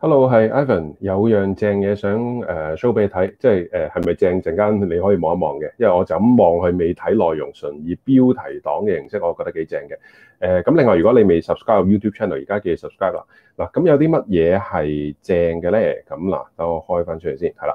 Hello，係 Ivan，有樣正嘢想誒 show 俾你睇，即係誒係咪正？陣間你可以望一望嘅，因為我就咁望，佢未睇內容，純以標題黨嘅形式，我覺得幾正嘅。誒、呃，咁另外如果你未 subscribe YouTube channel，而家記得 subscribe 啦。嗱，咁有啲乜嘢係正嘅咧？咁嗱，等我開翻出嚟先，係啦。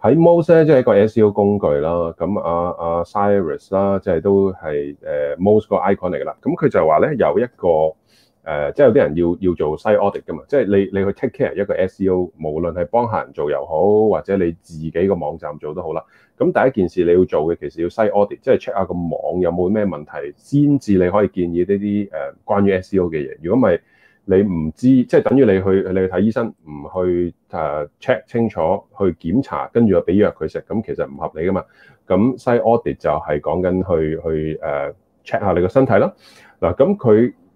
喺 Most 咧，即係一個 SEO 工具啦。咁啊啊 Cyrus 是是、呃、啦，即係都係誒 Most 個 icon 嚟噶啦。咁佢就話咧有一個。誒、呃，即係有啲人要要做 site audit 㗎嘛？即係你你去 take care 一個 S E O，無論係幫客人做又好，或者你自己個網站做都好啦。咁第一件事你要做嘅其實要 site audit，即係 check 下個網有冇咩問題，先至你可以建議呢啲誒關於 S E O 嘅嘢。如果唔係你唔知，即係等於你去你去睇醫生，唔去誒 check 清楚去檢查，跟住又俾藥佢食，咁其實唔合理㗎嘛。咁 site audit 就係講緊去去誒 check 下你個身體咯。嗱，咁佢。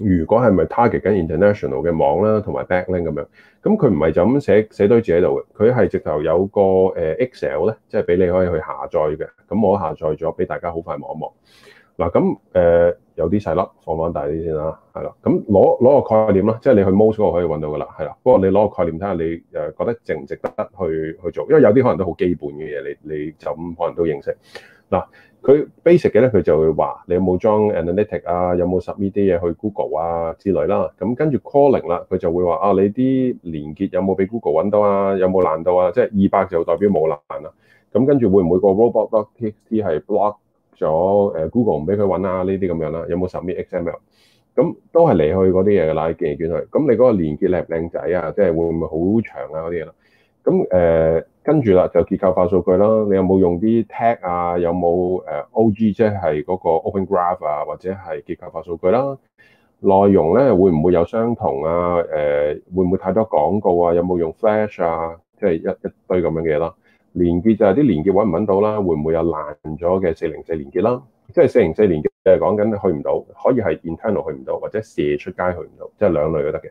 如果係咪 target 緊 international 嘅網啦，同埋 backlink 咁樣，咁佢唔係就咁寫寫堆字喺度嘅，佢係直頭有個誒 Excel 咧，即係俾你可以去下載嘅。咁我下載咗，俾大家好快望一望。嗱，咁誒有啲細粒，放翻大啲先啦，係啦。咁攞攞個概念啦，即係你去 most 嗰個可以揾到噶啦，係啦。不過你攞個概念睇下，你誒覺得值唔值得去去做？因為有啲可能都好基本嘅嘢，你你就咁可能都認識。嗱。佢 basic 嘅咧，佢就會話你有冇裝 analytic 啊，有冇 submit 啲嘢去 Google 啊之類啦。咁跟住 calling 啦，佢就會話啊，你啲連結有冇俾 Google 揾到啊？有冇爛到啊？即係二百就代表冇爛啊。咁跟住會唔會個 robot.txt 係 block 咗誒 Google 唔俾佢揾啊？呢啲咁樣啦，有冇 submit XML？咁都係嚟去嗰啲嘢嘅啦，捲嚟捲去。咁你嗰個連結靚唔靚仔啊？即係會唔會好長啊？嗰啲嘢咯。咁誒跟住啦，嗯、就結構化數據啦。你有冇用啲 tag 啊？有冇誒、uh, OG 即係嗰個 Open Graph 啊？或者係結構化數據啦。內容咧會唔會有相同啊？誒、呃、會唔會太多廣告啊？有冇用 Flash 啊？即、就、係、是、一一堆咁樣嘅嘢啦。連結就係、是、啲連結揾唔揾到啦、啊，會唔會有爛咗嘅四零四連結啦？即係四零四連結係講緊去唔到，可以係 internal 去唔到，或者射出街去唔到，即、就、係、是、兩類都得嘅。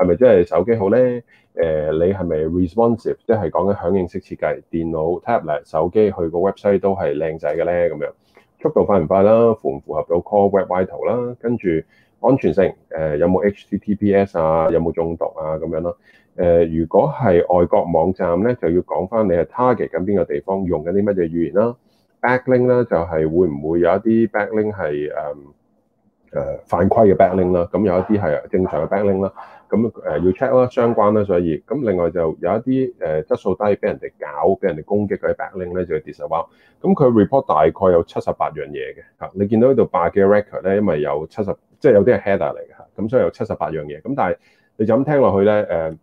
係咪即係手機好咧？誒，你係咪 responsive，即係講緊響應式設計？電腦、tablet、手機去個 website 都係靚仔嘅咧，咁樣速度快唔快啦？符唔符合到 core web vital 啦？跟住安全性，誒有冇 HTTPS 啊？有冇中毒啊？咁樣咯。誒，如果係外國網站咧，就要講返你係 target 緊邊個地方，用緊啲乜嘢語言啦？Backlink 咧就係會唔會有一啲 backlink 係誒誒犯規嘅 backlink 啦？咁有一啲係正常嘅 backlink 啦。咁誒要 check 啦，相關啦，所以咁另外就有一啲誒質素低，俾人哋搞，俾人哋攻擊佢啲 backlink 咧，就 disavow。咁佢 report 大概有七十八樣嘢嘅嚇，你見到呢度八嘅 record 咧，因為有七十、er，即係有啲係 header 嚟嘅嚇，咁所以有七十八樣嘢。咁但係你就咁聽落去咧誒？呃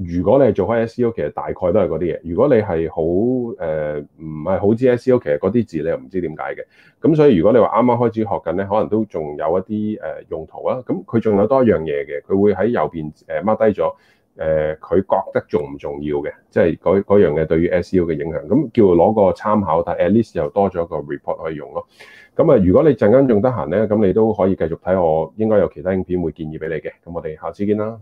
如果你係做開 SEO，其實大概都係嗰啲嘢。如果你係好誒唔係好知 SEO，其實嗰啲字你又唔知點解嘅。咁所以如果你話啱啱開始學緊咧，可能都仲有一啲誒、呃、用途啦。咁佢仲有多一樣嘢嘅，佢會喺右邊誒 mark 低咗誒，佢、呃呃、覺得重唔重要嘅，即係嗰嗰樣嘢對於 SEO 嘅影響。咁叫攞個參考，但 at least 又多咗一個 report 可以用咯。咁啊，如果你陣間仲得閒咧，咁你都可以繼續睇我，應該有其他影片會建議俾你嘅。咁我哋下次見啦。